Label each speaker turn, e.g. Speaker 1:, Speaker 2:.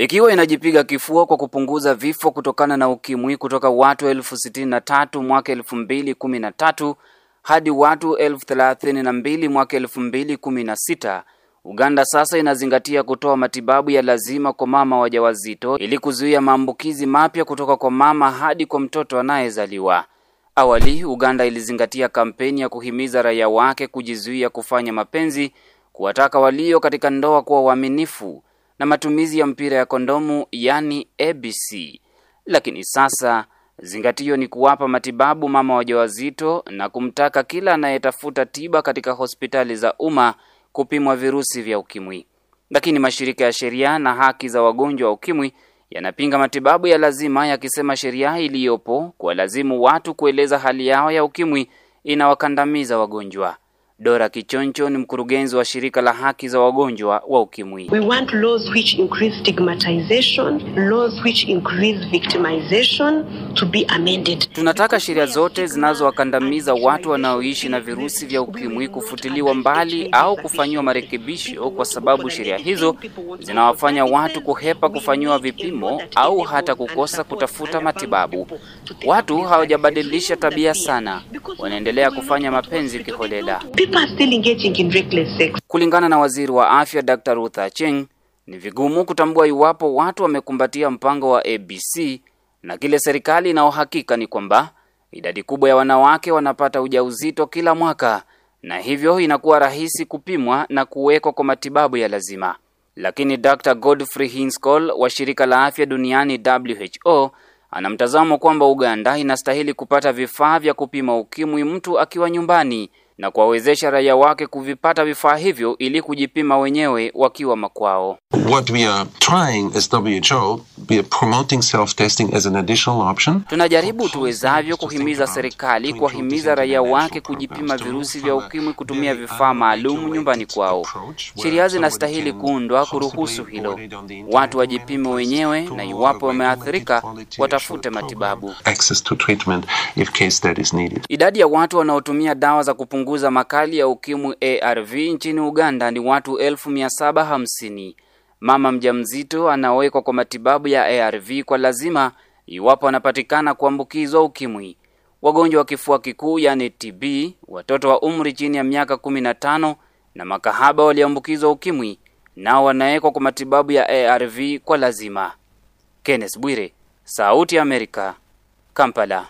Speaker 1: ikiwa inajipiga kifua kwa kupunguza vifo kutokana na ukimwi kutoka watu elfu sitini na tatu mwaka elfu mbili kumi na tatu hadi watu elfu thelathini na mbili mwaka elfu mbili kumi na sita. Uganda sasa inazingatia kutoa matibabu ya lazima kwa mama wajawazito ili kuzuia maambukizi mapya kutoka kwa mama hadi kwa mtoto anayezaliwa. Awali Uganda ilizingatia kampeni ya kuhimiza raia wake kujizuia kufanya mapenzi, kuwataka walio katika ndoa kuwa waaminifu na matumizi ya mpira ya kondomu yani ABC. Lakini sasa zingatio ni kuwapa matibabu mama wajawazito na kumtaka kila anayetafuta tiba katika hospitali za umma kupimwa virusi vya ukimwi. Lakini mashirika ya sheria na haki za wagonjwa wa ukimwi yanapinga matibabu ya lazima yakisema sheria iliyopo kuwalazimu watu kueleza hali yao ya ukimwi inawakandamiza wagonjwa. Dora Kichoncho ni mkurugenzi wa shirika la haki za wagonjwa wa ukimwi. We want laws which increase stigmatization, laws which increase victimization to be amended. Tunataka sheria zote zinazowakandamiza watu wanaoishi na virusi vya ukimwi kufutiliwa mbali au kufanyiwa marekebisho, kwa sababu sheria hizo zinawafanya watu kuhepa kufanyiwa vipimo au hata kukosa kutafuta matibabu. Watu hawajabadilisha tabia sana, wanaendelea kufanya mapenzi kiholela people are still engaging in reckless sex. Kulingana na waziri wa afya Dr. Ruth Acheng, ni vigumu kutambua iwapo watu wamekumbatia mpango wa ABC na kile serikali inaohakika ni kwamba idadi kubwa ya wanawake wanapata ujauzito kila mwaka na hivyo inakuwa rahisi kupimwa na kuwekwa kwa matibabu ya lazima. Lakini Dr. Godfrey Hinscoll wa shirika la afya duniani WHO ana mtazamo kwamba Uganda inastahili kupata vifaa vya kupima ukimwi mtu akiwa nyumbani na kuwawezesha raia wake kuvipata vifaa hivyo ili kujipima wenyewe wakiwa makwao. What we are trying as WHO Tunajaribu tuwezavyo kuhimiza serikali kuwahimiza raia wake kujipima virusi vya ukimwi kutumia vifaa maalum nyumbani kwao. Sheria zinastahili kuundwa kuruhusu hilo, watu wajipime wenyewe, na iwapo wameathirika watafute matibabu. Idadi ya watu wanaotumia dawa za kupunguza makali ya ukimwi ARV nchini Uganda ni watu elfu mia saba hamsini. Mama mjamzito anawekwa kwa matibabu ya ARV kwa lazima iwapo anapatikana kuambukizwa ukimwi. Wagonjwa wa kifua kikuu yani TB, watoto wa umri chini ya miaka 15 na makahaba walioambukizwa ukimwi nao wanawekwa kwa matibabu ya ARV kwa lazima. Kenneth Bwire, Sauti ya Amerika, Kampala.